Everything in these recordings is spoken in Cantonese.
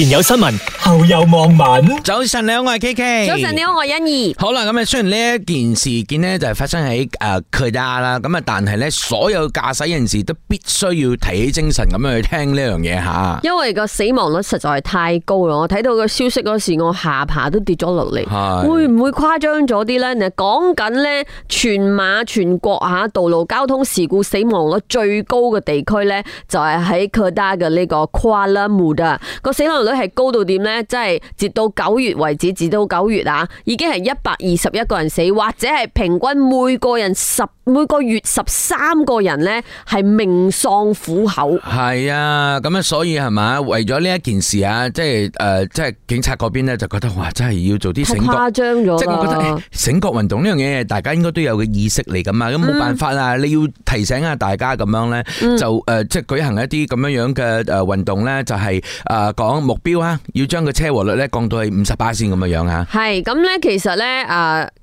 前有新聞，後有網民。早晨你好，我係 K K。早晨你好，我係欣宜。好啦，咁啊，雖然呢一件事件呢就係發生喺誒喀達啦，咁、呃、啊，oda，但係咧所有駕駛人士都必須要提起精神咁樣去聽呢樣嘢吓。因為個死亡率實在係太高啦，我睇到個消息嗰時，我下巴都跌咗落嚟。係是。會唔會誇張咗啲咧？嗱，講緊咧全馬全國吓道路交通事故死亡率最高嘅地區咧，就係喺佢家嘅呢個 Kuala Muda 個死亡佢係高到點咧？即係直到九月為止，直到九月啊，已經係一百二十一個人死，或者係平均每個人十每個月十三個人咧，係命喪虎口。係啊，咁樣所以係咪啊？為咗呢一件事啊，即係誒，即係警察嗰邊咧就覺得哇，真係要做啲醒覺，誇張咗。即係我覺得醒覺運動呢樣嘢，大家應該都有個意識嚟噶嘛。咁冇辦法啦，你要提醒下大家咁樣咧，就誒，即係舉行一啲咁樣樣嘅誒運動咧，就係誒講目。標啊，要將個車禍率咧降到去五十巴仙咁嘅樣吓。係，咁、嗯、咧其實咧，誒、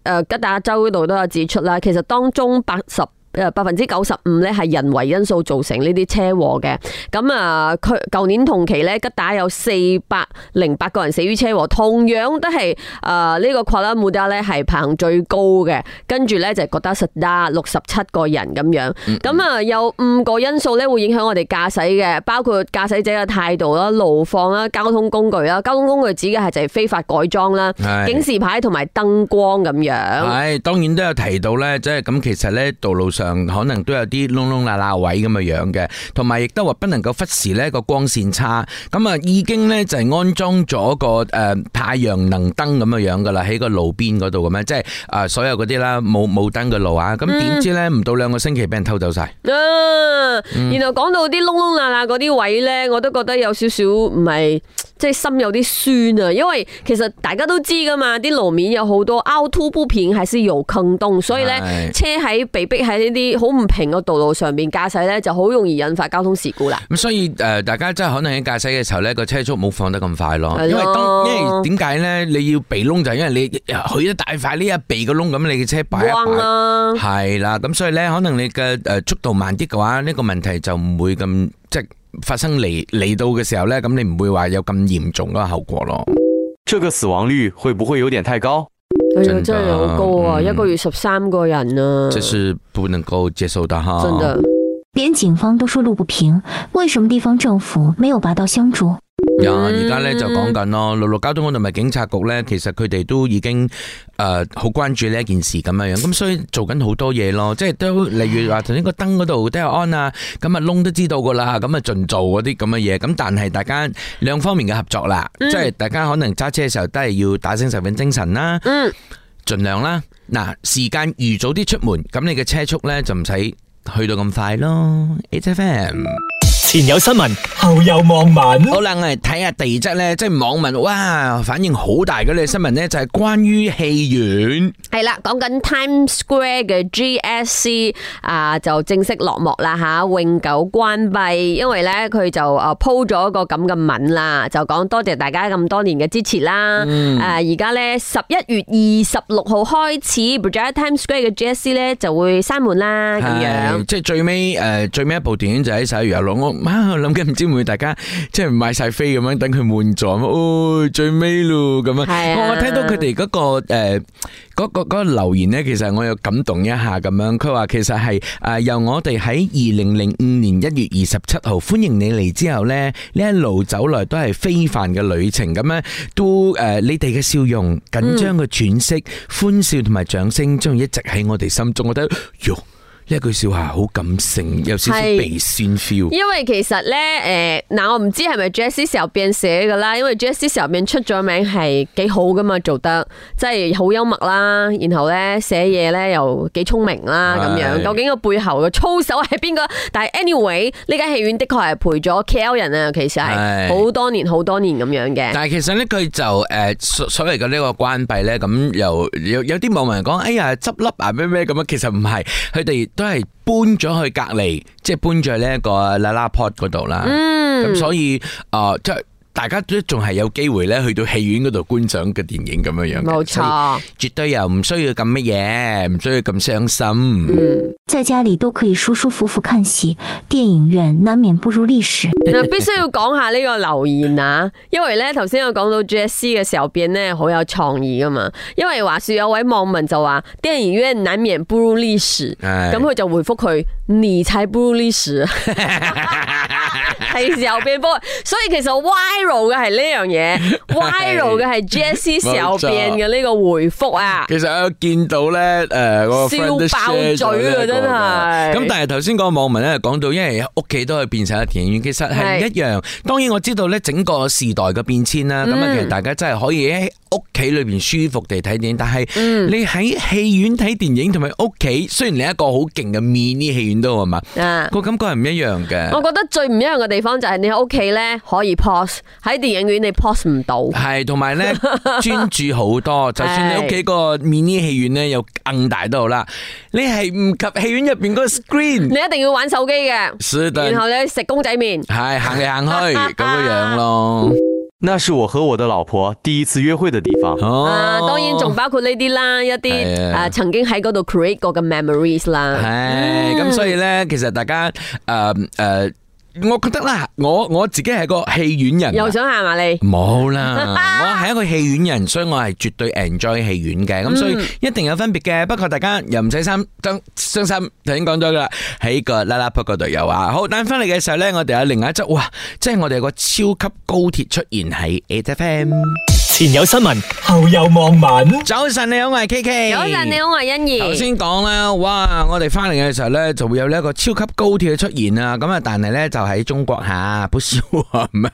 呃、誒，吉打州度都有指出啦，其實當中八十。百分之九十五咧係人為因素造成呢啲車禍嘅。咁啊，佢舊年同期咧，吉打有四百零八個人死於車禍，同樣都係誒呢個瓜拉姆達咧係排行最高嘅。跟住咧就係哥打實達六十七個人咁樣。咁啊，有五個因素咧會影響我哋駕駛嘅，包括駕駛者嘅態度啦、路況啦、交通工具啦、交通工具指嘅係就係非法改裝啦、警示牌同埋燈光咁樣。係，當然都有提到咧，即係咁其實咧道路上。嗯、可能都有啲窿窿罅罅位咁嘅樣嘅，同埋亦都話不能夠忽視呢個光線差。咁、呃呃、啊，已經呢就係安裝咗個誒太陽能燈咁嘅樣噶啦，喺個路邊嗰度咁樣，即係啊所有嗰啲啦冇冇燈嘅路啊。咁點知呢？唔到兩個星期俾人偷走晒。啊，嗯、然後講到啲窿窿罅罅嗰啲位呢，我都覺得有少少唔係。即係心有啲酸啊，因為其實大家都知噶嘛，啲路面有好多凹凸不平，還是有坑洞，所以咧車喺被逼喺呢啲好唔平嘅道路上邊駕駛咧，就好容易引發交通事故啦。咁、嗯、所以誒、呃，大家真係可能喺駕駛嘅時候咧，個車速冇放得咁快咯的。因為當，因為點解咧？你要避窿就係因為你去一大塊呢，一避個窿咁，你嘅車擺一擺，係啦、啊。咁所以咧，可能你嘅誒速度慢啲嘅話，呢、這個問題就唔會咁即係。發生嚟嚟到嘅時候呢，咁你唔會話有咁嚴重嘅後果咯。這個死亡率會唔會有點太高？真係好、哎呀、高啊，嗯、一個月十三個人啊，這是不能夠接受的哈！真的，嗯、連警方都說路不平，為什麼地方政府沒有拔刀相助？而家咧就講緊咯。陸路交通嗰度咪警察局咧，其實佢哋都已經誒好、呃、關注呢一件事咁樣樣。咁所以做緊好多嘢咯，即係都例如話，頭先個燈嗰度都有安啊，咁啊窿都知道噶啦，咁啊盡做嗰啲咁嘅嘢。咁但係大家兩方面嘅合作啦，嗯、即係大家可能揸車嘅時候都係要打醒十分精神啦，嗯，盡量啦。嗱，時間預早啲出門，咁你嘅車速咧就唔使去到咁快咯。H F M。前有新聞，後有網民。好啦，我哋睇下地質咧，即係網民，哇，反應好大嗰類新聞咧，就係關於戲院。係啦，講緊 Times Square 嘅 G S C 啊,就正式落幕啦吓，永久關閉。因為咧，佢就啊鋪咗一個咁嘅文啦，就講多謝大家咁多年嘅支持啦。誒，而家咧十一月二十六號開始，Berjaya Times Square 嘅 G S C 咧就會閂門啦。咁樣，即係最尾誒，最尾一部電影就喺十一月十六號。哇！諗緊唔知會唔會大家即係買晒飛咁樣等佢滿座？哦，最尾咯咁樣！我我聽到佢哋嗰個誒嗰個嗰個留言咧，其實我又感動一下咁樣。佢話其實係誒由我哋喺二零零五年一月二十七號歡迎你嚟之後咧，呢一路走來都係非凡嘅旅程。咁樣都誒，你哋嘅笑容、緊張嘅喘息、歡笑同埋掌聲，將會一直喺我哋心中。我覺得喲。呢一句笑話好感性，有少少鼻酸 feel。因為其實咧，誒，嗱，我唔知係咪 Jesse 上便寫噶啦，因為 Jesse 上便出咗名係幾好噶嘛，做得即係好幽默啦，然後咧寫嘢咧又幾聰明啦，咁是樣。究竟個背後嘅操守係邊個？但係 anyway，呢間戲院的確係陪咗 K L 人啊，其實係好多年、好是多年咁樣嘅。但係其實呢，佢就誒、呃、所謂嘅呢個關閉咧，咁又有啲網民講：哎呀，執笠啊咩咩咁樣。其實唔係，佢哋。都係搬咗去隔籬，即係搬咗去呢一個 LaLaport 嗰度啦。咁、嗯、所以，啊即係。大家都仲係有機會咧去到戲院嗰度觀賞嘅電影咁樣樣，冇錯錯，絕對又唔需要咁乜嘢，唔需要咁傷心。嗯，在家裏都可以舒舒服服看戲，電影院難免步入歷史。 必須要講下呢個留言啊，因為咧頭先我講到 GSC 嘅時候編呢好有創意噶嘛，因為話說有位網民就話電影院難免步入歷史，咁佢唉就回覆佢你才步入歷史。 係時候變波，所以其實 viral 嘅係呢樣嘢，viral 嘅係 GSC 時候變嘅呢個回覆啊。其實我見到咧，誒、呃，笑爆嘴啊，真係。咁但係頭先個網民咧講到，因為屋企都可以變成電影院，其實係一樣。是當然我知道咧，整個時代嘅變遷啦。咁啊、嗯，其實大家真係可以。屋企裏邊舒服地睇電影，但係你喺戲院睇電影同埋屋企，嗯、雖然你一個你好勁嘅 mini 戲院都係嘛，個、啊、感覺係唔一樣嘅。我覺得最唔一樣嘅地方就係你喺屋企咧可以 pause 喺電影院你 pause 唔到。係，同埋咧專注好多，就算你屋企個 mini 戲院咧又更大都好啦。你係唔及戲院入邊嗰個 screen，你一定要玩手機嘅，的然後你食公仔麵，係行嚟行去咁樣 樣咯。那是我和我的老婆第一次約會的地方。Oh, 啊，當然仲包括呢啲啦，一啲啊 Yeah.、呃、曾經喺嗰度 create 過嘅 memories 啦。係，咁 Yeah. 所以咧，其實大家誒誒。呃呃我覺得啦，我我自己係個戲院人，又想下嘛、啊、你？冇啦，我係一個戲院人，所以我係絕對 enjoy 戲院嘅，咁、嗯、所以一定有分別嘅。不過大家又唔使擔心，都傷心。頭先講咗噶啦，喺個拉拉鋪個隊友啊，好等翻嚟嘅時候咧，我哋有另一則哇，即係我哋有個超級高鐵出現喺 a f m 前有新聞，後有網民。早晨你好，我係 K K。早晨你好，我係欣怡。頭先講啦，哇！我哋翻嚟嘅時候咧，就會有呢一個超級高鐵嘅出現啊！咁啊，但係咧就喺中國吓，不輸啊咩？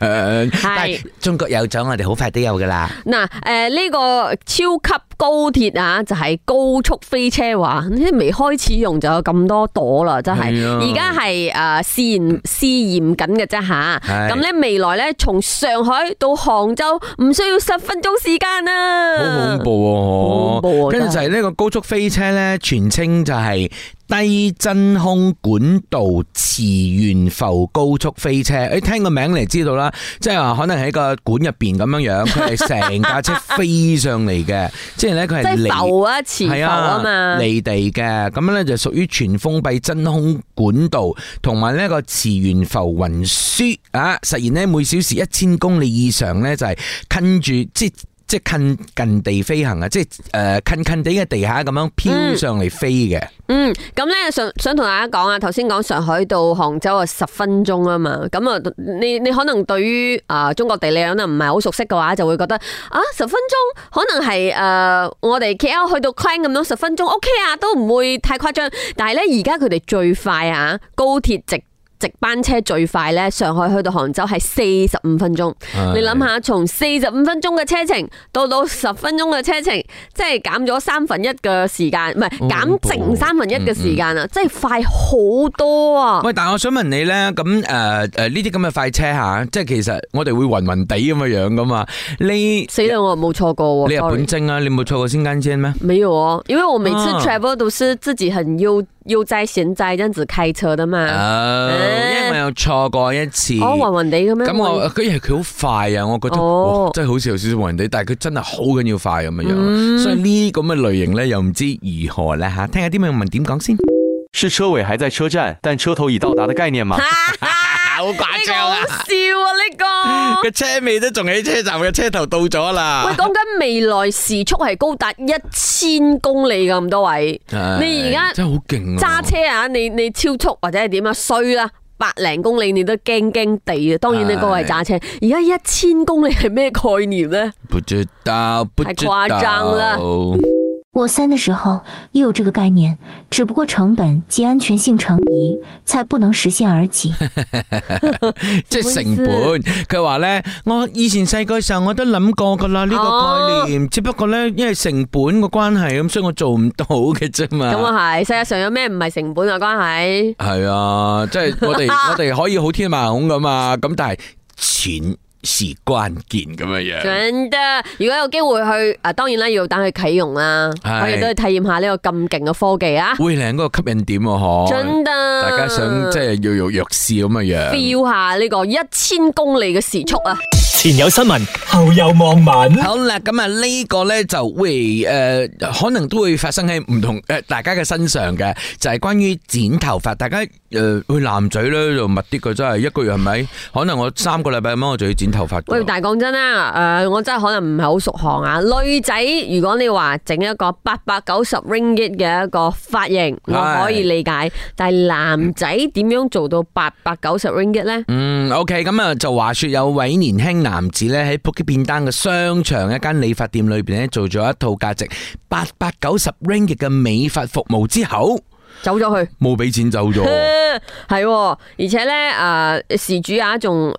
係中國有咗，我哋好快都有噶啦。嗱，誒，呢個超級。高鐵啊，就係高速飛車，話，你未開始用就有咁多朵啦，真係。而家係誒，試驗試驗緊嘅啫吓，咁咧是未來咧，從上海到杭州唔需要十分鐘時間啊、嗯！好恐怖啊！好恐怖啊！跟住就係呢個高速飛車咧，全稱就係、是。低真空管道磁懸浮高速飛車，誒，聽個名你知道啦，即係話可能喺個管入邊咁樣樣，佢係成架車飛上嚟嘅， 即係咧佢係浮啊，磁浮啊係啊，離地嘅，咁樣咧就屬於全封閉真空管道，同埋呢個磁懸浮運輸啊，實現咧每小時一千公里以上咧，就係跟住即。即係近近地飛行啊！即係誒，近近地嘅地下咁樣飄上嚟飛嘅、嗯。嗯，咁、嗯、咧想想同大家講啊，頭先講上海到杭州啊，十分鐘啊嘛。咁啊，你你可能對於啊、呃、中國地理可能唔係好熟悉嘅話，就會覺得啊，十分鐘可能係誒、呃、我哋 K L 去到 Klang 咁樣十分鐘，O K 啊，都唔會太誇張。但係咧而家佢哋最快啊，高鐵直。直班車最快呢，上海去到杭州係四十五分鐘。哎、你諗下，從四十五分鐘嘅車程到到十分鐘嘅車程，即係減咗三分一嘅時間，唔係減淨三分一嘅時間啊！即係、哦嗯嗯、快好多啊！喂，但係我想問你呢，咁誒誒呢啲咁嘅快車吓，即係其實我哋會暈暈地咁嘅樣噶嘛？你死啦！我冇錯過。你日本精啊！sorry 你冇錯過先間車咩？沒有啊，因為我每次 travel 都是自己很悠。要債先債，這樣子開車的嘛？Oh, 欸、因為我又錯過一次，我暈暈地咁樣。咁我，佢係佢好快啊！我覺得、哦、真係好似有少少暈暈地，但係佢真係好緊要快咁樣樣。嗯、所以呢咁嘅類型咧，又唔知如何咧吓。聽下啲咩問點講先。係車尾還在車站，但車頭已到達的概念嘛。 好誇、 這個、好笑啊呢、這個個 車尾都仲喺車站嘅車頭到咗啦。喂，講緊未來時速係高達一千公里咁多位，哎、你而現家真係好勁揸車啊！車你你超速或者係點啊衰啦，百零公里你都驚驚地啊！當然咧，呢個係揸車，而家一千公里係咩概念咧？不知道，太誇張啦！我三嘅時候又有這個概念，只不過成本及安全性成疑，才不能實現而已。 即係成本，佢話咧，我以前細個時候我都諗過噶啦，呢個概念，oh. 只不過咧因為成本個關係咁，所以我做唔到嘅啫嘛。咁啊係，世界上有咩唔係成本嘅關係？係 啊，即係我哋我哋可以好天馬行空噶嘛，咁但係錢是關鍵咁嘅樣，真得。如果有機會去，啊，當然啦，要等佢啟用啦，可以都去體驗下呢個咁勁嘅科技啊，會令嗰個吸引點啊，嗬的，真得。大家想即係要欲試咁嘅樣，飆下呢個一千公里嘅時速啊！前有新聞，後有網民。好啦，咁啊呢個咧就會誒，可能都會發生喺唔同誒大家嘅身上嘅，就係關於剪頭髮。大家誒，去男仔咧就密啲，佢真係一個月係咪？可能我三個禮拜咁樣，我就要剪頭髮。喂，但係講真啦，誒，我真係可能唔係好熟行啊。女仔如果你話整一個八百九十 ringgit 嘅一個髮型，我可以理解。但係男仔點樣做到八百九十 ringgit 咧？嗯，OK，咁啊就話說有位年輕男。男子咧喺 Bukit Bintang 嘅商場一間理髮店裏邊咧做咗一套價值八百九十 ring 嘅美髮服務之後，走咗去，冇俾錢走咗，係。而且咧，誒，事主啊，仲誒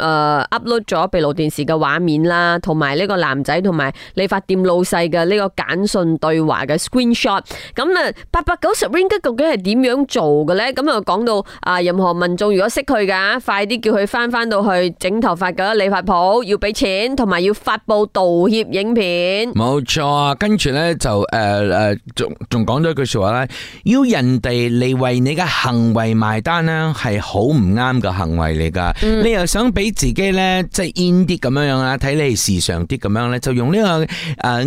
upload 咗閉路電視嘅畫面啦，同埋呢個男仔同埋理髮店老細嘅呢個簡訊對話嘅 screen shot，咁啊，八百九十 ringgit 究竟係點樣做嘅咧？咁啊，講到啊，任何民衆如果識佢噶，快啲叫佢翻翻到去整頭髮嘅理髮鋪，要俾錢，同埋要發佈道歉影片。冇錯，跟住咧就誒誒，仲仲講咗一句說話咧，要人哋。.你為你嘅行為埋單呢，係好唔啱嘅行為嚟噶。你又想俾自己呢，即係 in 啲咁樣樣啊，睇你時尚啲咁樣呢，就用呢、這個誒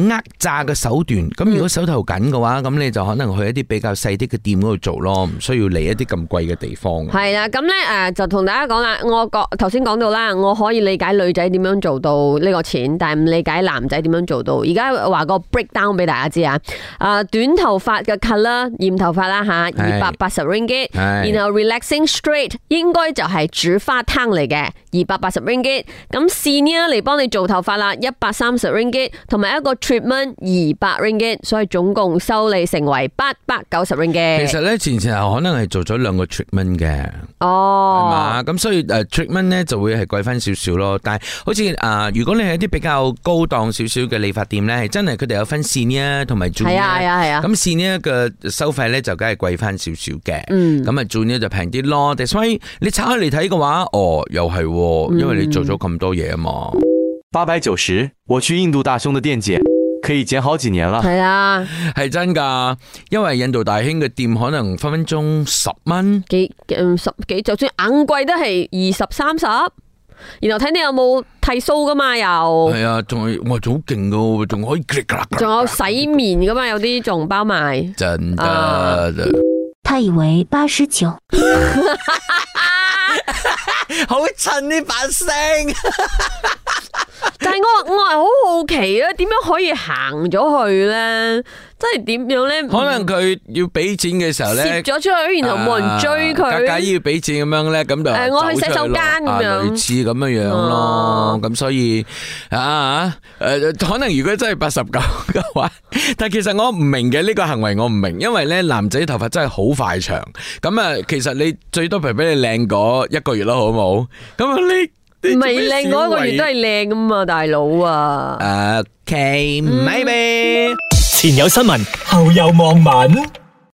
訛詐嘅手段。咁如果手頭緊嘅話，咁你就可能去一啲比較細啲嘅店嗰度做咯，唔需要嚟一啲咁貴嘅地方。係啦、嗯，咁呢誒、呃、就同大家講啦，我講頭先講到啦，我可以理解女仔點樣做到呢個錢，但係唔理解男仔點樣做到。而家話個 breakdown 俾大家知啊，誒、呃、短頭髮嘅 cut 啦，染頭髮啦吓。二百八十 ringgit，是然後 relaxing s t r e e t 應該就係煮花湯嚟嘅，二百八十 ringgit。咁 s 呢嚟幫你做頭髮啦，一百三十 ringgit，同埋一個 treatment 二百 ringgit，所以總共收你成為八百九十 ringgit。其實咧前前係可能係做咗兩個 treatment 嘅，哦，咁所以誒 treatment 咧就會係貴翻少少咯。但係好似啊、呃，如果你係一啲比較高檔少少嘅理髮店咧，係真係佢哋有分 ior, s 呢同埋係啊係啊係啊，咁、啊啊、s 呢 n i 收費咧就梗係貴翻。少少嘅，咁啊做呢就平啲咯。但係所以你拆開嚟睇嘅話，哦又係，因為你做咗咁多嘢啊嘛。八百九十，我去印度大兄嘅店剪，可以剪好幾年啦。係啊，係真噶，因為印度大兄嘅店可能分分鐘十蚊幾，嗯十幾，就算硬貴都係二十三十。然後睇你有冇剃鬚噶嘛？又係啊，仲係我係好勁噶，仲可以。仲有洗面噶嘛？有啲仲包埋，真噶。他以為八十九， 好襯呢這把聲。 但係我我係好好奇啊，點樣可以行咗去咧？即係點樣咧？可能佢要俾錢嘅時候咧，咗出去，然後冇人追佢。家家要俾錢咁樣咧，咁就誒，我去洗手間咁樣，類似咁樣樣咯。咁所以啊，誒，可能如果真係八十九嘅話，但係其實我唔明嘅呢個行為，我唔明，因為咧男仔頭髮真係好快長。咁啊，其實你最多譬如俾你靚過一個月啦，好唔好？咁啊，你。唔係靚，我一個月都係靚噶嘛，大佬啊！OK，唔係咩？前有新聞，後有網民。